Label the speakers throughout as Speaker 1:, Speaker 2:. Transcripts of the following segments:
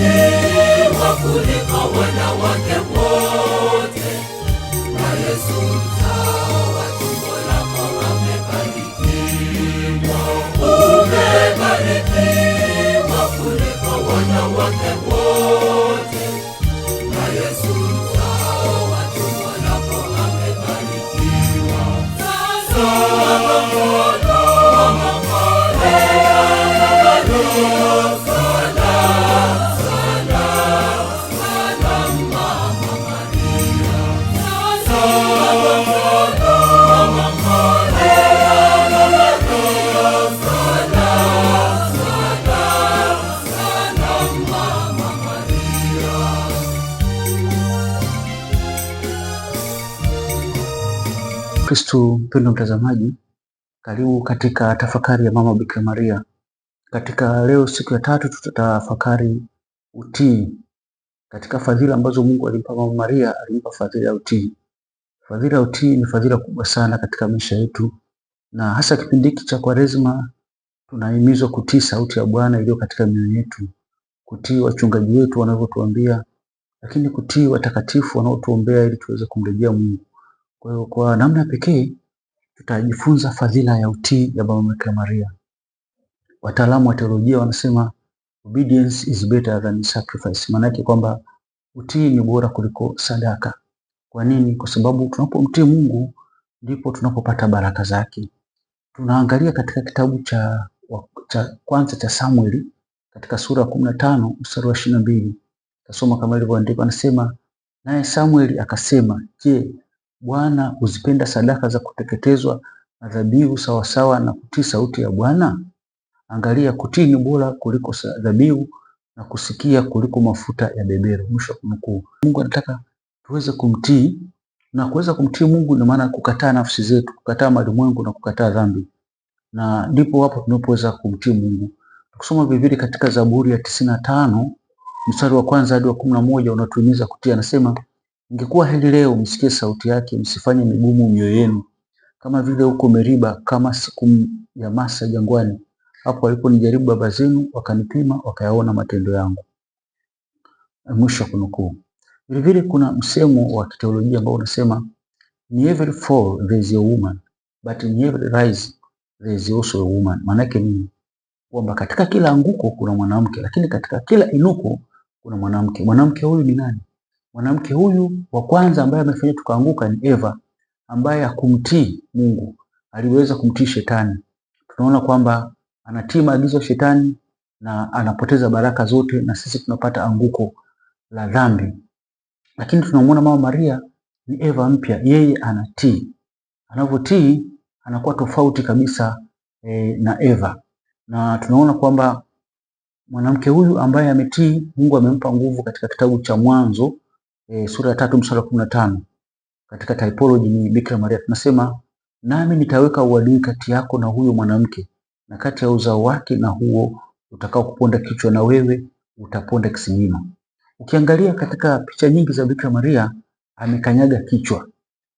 Speaker 1: amehewa kuliko wanawake wote, na Yesu mtawa tumbo lako amebarikiwa, umebarikiwa kuliko wanawake wote So mpendo mtazamaji, karibu katika tafakari ya mama Bikira Maria. Katika leo siku ya tatu, tutatafakari utii. Katika fadhila ambazo Mungu alimpa mama Maria, alimpa fadhila ya utii. Fadhila ya utii ni fadhila kubwa sana katika maisha yetu, na hasa kipindi hiki cha Kwaresma tunahimizwa kutii sauti ya Bwana iliyo katika mioyo yetu, kutii wachungaji wetu wanavyotuambia, lakini kutii watakatifu wanaotuombea ili tuweze kumrejea Mungu. Kwa hiyo kwa namna pekee tutajifunza fadhila ya utii ya Baba Malkia Maria. Wataalamu wa teolojia wanasema obedience is better than sacrifice, maana yake kwamba utii ni bora kuliko sadaka. Kwa nini? Kwa sababu tunapomtii Mungu ndipo tunapopata baraka zake. Tunaangalia katika kitabu cha, cha kwanza cha Samueli katika sura ya kumi na tano mstari wa ishirini na mbili tasoma kama ilivyoandikwa, anasema naye Samueli akasema, je, Bwana huzipenda sadaka za kuteketezwa na dhabihu sawasawa na kutii sauti ya Bwana? Angalia, kutii ni bora kuliko dhabihu na kusikia kuliko mafuta ya beberu. Mwisho kunukuu. Mungu anataka tuweze kumtii na kuweza kumtii Mungu ni maana kukataa nafsi zetu, kukataa malimwengu na kukataa dhambi, na ndipo hapo tunapoweza kumtii Mungu. Tukisoma vivili katika Zaburi ya tisini na tano mstari wa kwanza hadi wa kumi na moja unatuhimiza kutii, anasema Ingekuwa heri leo msikie sauti yake, msifanye migumu mioyo yenu kama vile huko Meriba, kama siku ya Masa jangwani, hapo aliponijaribu baba zenu, wakanipima wakayaona matendo yangu. Mwisho kunukuu. Vile vile kuna msemo wa kiteolojia ambao unasema in every fall there is a woman but in every rise there is also a woman. Maana yake ni kwamba katika kila anguko kuna mwanamke, lakini katika kila inuko kuna mwanamke. Mwanamke huyu ni nani? Mwanamke huyu wa kwanza ambaye amefanya tukaanguka ni Eva ambaye hakumtii Mungu, aliweza kumtii shetani. Tunaona kwamba anatii maagizo ya shetani na anapoteza baraka zote, na sisi tunapata anguko la dhambi. Lakini tunamwona mama Maria ni Eva mpya, yeye anatii. Anavyotii anakuwa tofauti kabisa e, na Eva, na tunaona kwamba mwanamke huyu ambaye ametii Mungu amempa nguvu katika kitabu cha Mwanzo e, sura ya tatu mstari wa kumi na tano katika typology ni Bikira Maria. Tunasema nami nitaweka uadui kati yako na huyo mwanamke na kati ya uzao wake na huo utakao kuponda kichwa na wewe utaponda kisimima. Ukiangalia katika picha nyingi za Bikira Maria amekanyaga kichwa.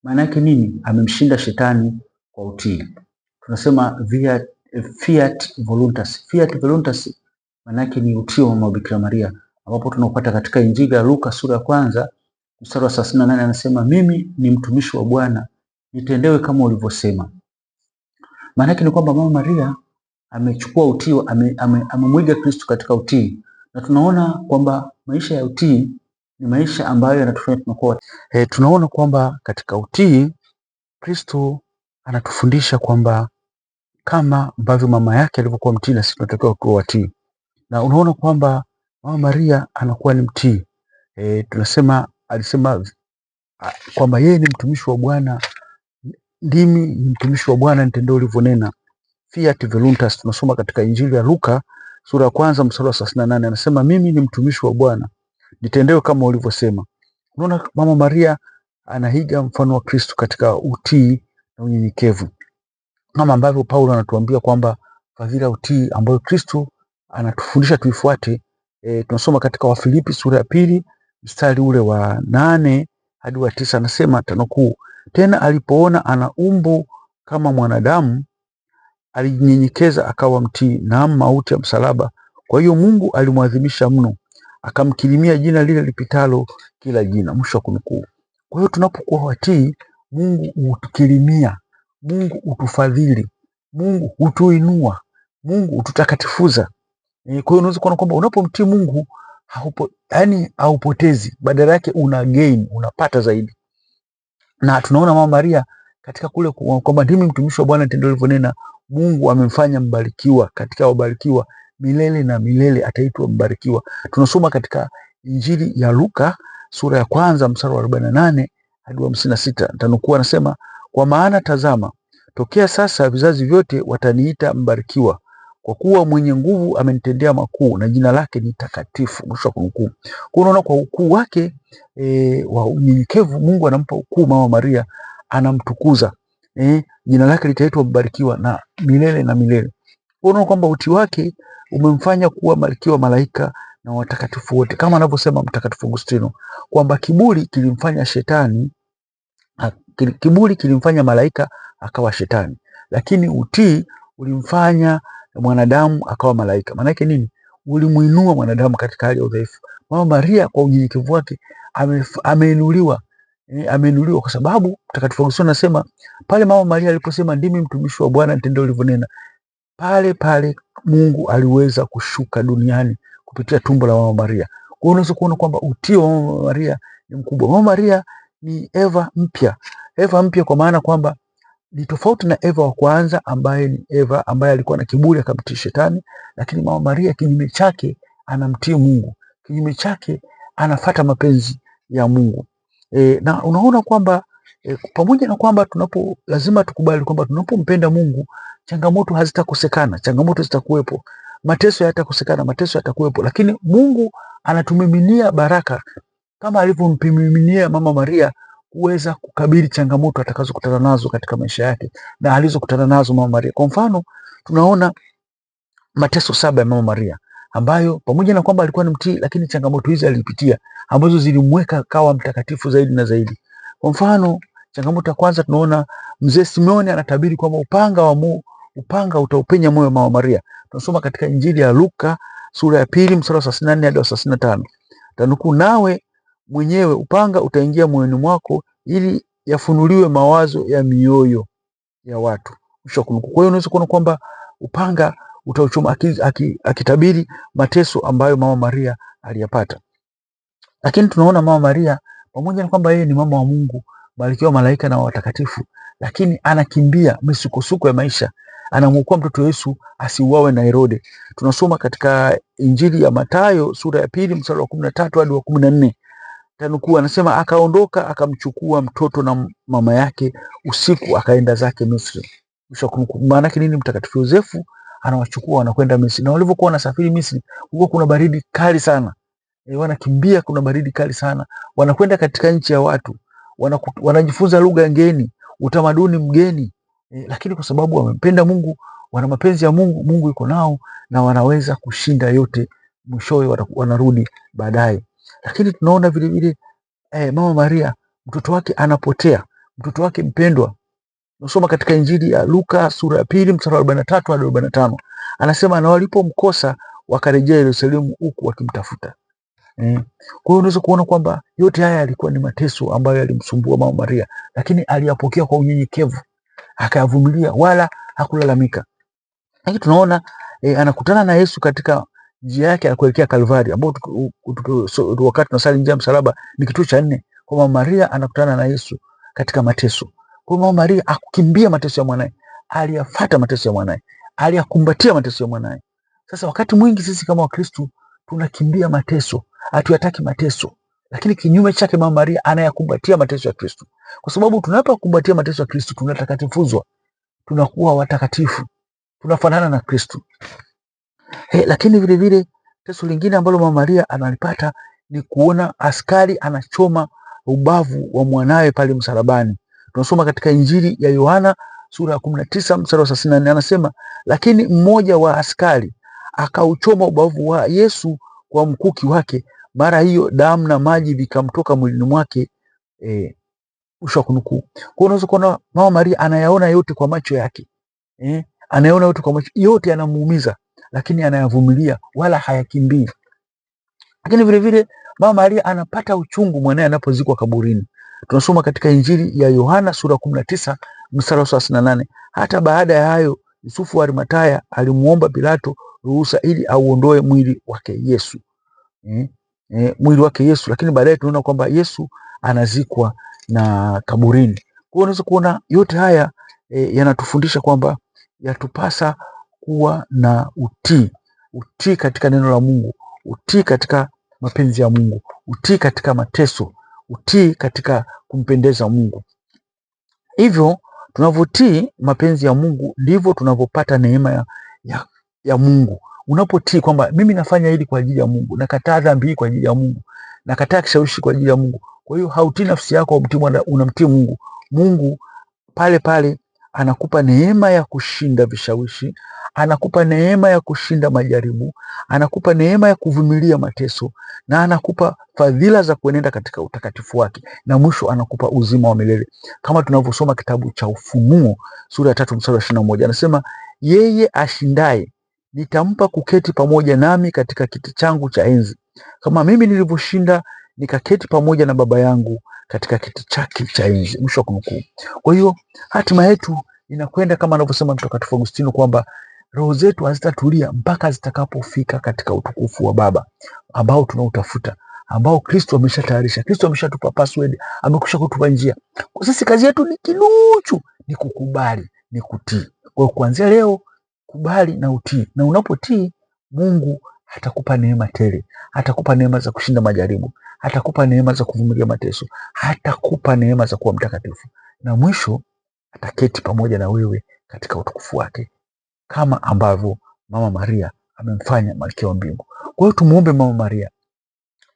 Speaker 1: Maana yake nini? Amemshinda shetani kwa utii. Tunasema fiat, fiat voluntas. Fiat voluntas maana yake ni utii wa Mama Bikira Maria ambapo tunaupata katika Injili ya Luka sura ya kwanza mstari wa 38 anasema mimi ni mtumishi wa Bwana, nitendewe kama ulivyosema. Maana yake ni kwamba Mama Maria amechukua utii, amemwiga ame, Kristo katika utii, na tunaona kwamba maisha ya utii ni maisha ambayo yanatufanya tunakuwa e, tunaona kwamba katika utii Kristo anatufundisha kwamba kama ambavyo mama yake alivyokuwa mtii na sisi tunatakiwa kuwa watii, na unaona kwamba Mama Maria anakuwa ni mtii e, tunasema alisema kwamba yeye ni mtumishi wa Bwana, ndimi ni mtumishi wa Bwana nitendee ulivyonena. Fiat voluntas, tunasoma katika Injili ya Luka sura ya kwanza mstari wa 38 anasema mimi ni mtumishi wa Bwana nitendewe kama ulivyosema. Unaona, Mama Maria anaiga mfano wa Kristo katika utii na unyenyekevu, kama ambavyo Paulo anatuambia kwamba fadhila utii ambayo Kristo anatufundisha tuifuate. E, tunasoma katika Wafilipi sura ya pili mstari ule wa nane hadi wa tisa anasema tanukuu, tena alipoona ana umbo kama mwanadamu alijinyenyekeza akawa mtii na mauti ya msalaba. Kwa hiyo Mungu alimwadhimisha mno, akamkirimia jina lile lipitalo kila jina. Mwisho wa kunukuu. Kwa hiyo tunapokuwa watii, Mungu hutukirimia, Mungu hutufadhili, Mungu hutuinua, Mungu hututakatifuza. Kwa hiyo unaweza kuona kwamba unapomtii Mungu haupo, yani haupotezi, badala yake una gain, unapata zaidi. Na tunaona mama Maria katika kule kwamba ndimi mtumishi wa Bwana tendo alivyonena, Mungu amemfanya mbarikiwa katika wabarikiwa milele na milele ataitwa mbarikiwa. Tunasoma katika Injili ya Luka sura ya kwanza mstari wa arobaini na nane hadi hamsini na sita. Ntanukuu, anasema kwa maana tazama, tokea sasa vizazi vyote wataniita mbarikiwa, kwa kuwa mwenye nguvu amenitendea makuu na jina lake ni takatifu. Mwisho wa kunukuu. Kwa unaona kwa ukuu wake e, wa unyenyekevu Mungu anampa ukuu Mama Maria, anamtukuza e, jina lake litaitwa mbarikiwa na milele na milele. Kwa unaona kwamba uti wake umemfanya kuwa malkia wa malaika na watakatifu wote, kama anavyosema Mtakatifu Agustino kwamba kiburi kilimfanya shetani, kiburi kilimfanya malaika akawa shetani, lakini utii ulimfanya mwanadamu akawa malaika. Maana yake nini? Ulimuinua mwanadamu katika hali ya udhaifu. Mama Maria kwa unyenyekevu wake ameinuliwa, eh, ameinuliwa kwa sababu Mtakatifu Agustino anasema pale Mama Maria aliposema ndimi mtumishi wa Bwana, nitende ulivyonena, pale pale Mungu aliweza kushuka duniani kupitia tumbo la Mama Maria. Kwa hiyo unaweza kuona kwamba utii wa Mama Maria ni mkubwa. Mama Maria ni Eva mpya, Eva mpya kwa maana kwamba ni tofauti na Eva wa kwanza ambaye ni Eva ambaye alikuwa na kiburi akamtii shetani, lakini mama Maria kinyume chake anamtii Mungu, kinyume chake anafata mapenzi ya Mungu. E, na unaona kwamba e, pamoja na kwamba tunapo lazima tukubali kwamba tunapompenda Mungu changamoto hazitakosekana, changamoto zitakuwepo, mateso hayatakosekana, mateso yatakuwepo, lakini Mungu anatumiminia baraka kama alivyompiminia mama Maria kuweza kukabili changamoto atakazokutana nazo katika maisha yake na alizokutana nazo Mama Maria. Kwa mfano, tunaona mateso saba ya Mama Maria ambayo pamoja na kwamba alikuwa ni mtii, lakini changamoto hizi alipitia ambazo zilimweka kawa mtakatifu zaidi na zaidi. Kwa mfano, changamoto ya kwanza tunaona mzee Simeoni anatabiri kwamba upanga wa mu, upanga utaupenya moyo wa Mama Maria. Tunasoma katika Injili ya Luka sura ya pili mstari wa 34 hadi 35. Tanuku nawe mwenyewe, upanga utaingia moyoni mwako ili yafunuliwe mawazo ya mioyo ya watu. Mwisho. Kwa hiyo unaweza kuona kwamba upanga utauchoma, akitabiri aki, mateso ambayo Mama Maria aliyapata. Lakini tunaona Mama Maria pamoja na kwamba yeye ni mama wa Mungu, malkia wa malaika na watakatifu, lakini anakimbia misukosuko ya maisha, anamwokoa mtoto Yesu asiuawe na Herode. Tunasoma katika Injili ya Mathayo sura ya pili mstari wa kumi na tatu hadi wa kumi na nne tanukuu, anasema akaondoka akamchukua mtoto na mama yake usiku, akaenda zake Misri. Maana yake nini? Mtakatifu Yosefu anawachukua wanakwenda Misri, na walivyokuwa wanasafiri Misri, huko kuna baridi kali sana e, wanakimbia, kuna baridi kali sana, wanakwenda katika nchi ya watu, wanajifunza lugha ngeni, utamaduni mgeni e, lakini kwa sababu wamempenda Mungu, wana mapenzi ya Mungu, Mungu yuko nao na wanaweza kushinda yote. Mwishowe wanarudi baadaye lakini tunaona vile vile eh, mama Maria mtoto wake anapotea, mtoto wake mpendwa. Nasoma katika Injili ya Luka sura ya pili mstari wa 43 hadi 45, anasema na walipomkosa wakarejea Yerusalemu huku wakimtafuta. Mm. Kwa hiyo unaweza kuona kwamba yote haya yalikuwa ni mateso ambayo yalimsumbua mama Maria, lakini aliyapokea kwa unyenyekevu, akayavumilia wala hakulalamika. Lakini tunaona e, anakutana na Yesu katika njia yake ya kuelekea Kalvari, ambao wakati tunasali njia msalaba ni kituo cha nne, Kwa mama Maria anakutana na Yesu katika mateso. Kwa mama Maria akukimbia mateso ya mwanae, aliyafuata mateso ya mwanae, aliyakumbatia mateso ya mwanae. Sasa wakati mwingi sisi kama Wakristo tunakimbia mateso, hatuyataki mateso, lakini kinyume chake mama Maria anayakumbatia mateso ya Kristo, kwa sababu tunapokumbatia mateso ya Kristo tunatakatifuzwa. tunakuwa watakatifu, tunafanana na Kristo. He, eh, lakini vile vile teso lingine ambalo Mama Maria analipata ni kuona askari anachoma ubavu wa mwanawe pale msalabani. Tunasoma katika Injili ya Yohana sura ya kumi na tisa mstari wa thelathini na nne anasema, lakini mmoja wa askari akauchoma ubavu wa Yesu kwa mkuki wake, mara hiyo damu na maji vikamtoka mwilini mwake. E, eh, usha kunukuu. Kwa unaweza kuona Mama Maria anayaona yote kwa macho yake. eh, anayaona yote kwa macho yote, yanamuumiza lakini anayavumilia wala hayakimbii. Lakini vile vile Mama Maria anapata uchungu mwanae anapozikwa kaburini. Tunasoma katika Injili ya Yohana sura 19 mstari wa 38. Hata baada ya hayo Yusufu wa Arimataya alimuomba Pilato ruhusa ili auondoe mwili wake Yesu. eh, eh, mwili wake Yesu, lakini baadaye tunaona kwamba Yesu anazikwa na kaburini. Kwa hiyo unaweza kuona yote haya eh, yanatufundisha kwamba yatupasa kuwa na utii, utii katika neno la Mungu, utii katika mapenzi ya Mungu, utii katika mateso, utii katika kumpendeza Mungu. Hivyo tunavyotii mapenzi ya Mungu ndivyo tunavyopata neema ya, ya, ya Mungu. Unapotii kwamba mimi nafanya hili kwa ajili ya Mungu, nakataa dhambi hii kwa ajili ya Mungu, nakataa kishawishi kwa ajili ya Mungu. Kwa hiyo hautii nafsi yako, unamtii Mungu. Mungu pale pale anakupa neema ya kushinda vishawishi, anakupa neema ya kushinda majaribu, anakupa neema ya kuvumilia mateso, na anakupa fadhila za kuenenda katika utakatifu wake, na mwisho anakupa uzima wa milele, kama tunavyosoma kitabu cha Ufunuo sura ya tatu mstari wa ishirini na moja anasema, yeye ashindaye nitampa kuketi pamoja nami katika kiti changu cha enzi, kama mimi nilivyoshinda nikaketi pamoja na Baba yangu katika kiti chake cha enzi. Mwisho wa kunukuu. Kwa hiyo hatima yetu inakwenda kama anavyosema Mtakatifu Agustino kwamba roho zetu hazitatulia mpaka zitakapofika katika utukufu wa Baba ambao tunautafuta ambao Kristo ameshatayarisha. Kristo ameshatupa password, amekusha kutupa njia. Kwa sisi kazi yetu ni kinuchu ni kukubali, ni kutii. Kwa kuanzia leo, kubali na utii, na unapotii Mungu atakupa neema tele, atakupa neema za kushinda majaribu, atakupa neema za kuvumilia mateso, atakupa neema za kuwa mtakatifu, na mwisho ataketi pamoja na wewe katika utukufu wake kama ambavyo Mama Maria amemfanya malkia wa mbingu. Kwa hiyo tumuombe Mama Maria,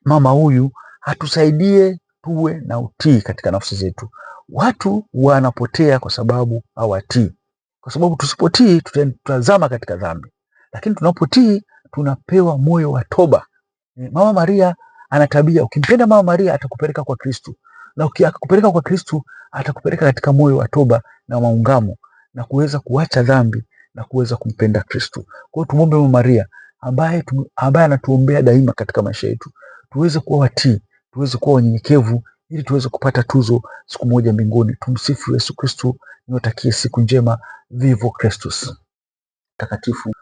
Speaker 1: mama huyu atusaidie tuwe na utii katika nafsi zetu. Watu wanapotea kwa sababu hawatii, kwa sababu tusipotii tutazama katika dhambi, lakini tunapotii tunapewa moyo wa toba. Eh, mama Maria ana tabia, ukimpenda Mama Maria atakupeleka kwa Kristo, na ukikupeleka kwa Kristo atakupeleka katika moyo wa toba na maungamo na kuweza kuacha dhambi na kuweza kumpenda Kristo. Kwa hiyo tumwombe Mama Maria ambaye ambaye anatuombea daima katika maisha yetu, tuweze kuwa watii, tuweze kuwa wanyenyekevu ili tuweze kupata tuzo siku moja mbinguni. Tumsifu Yesu Kristo. Niwatakie siku njema. Vivo Kristus Takatifu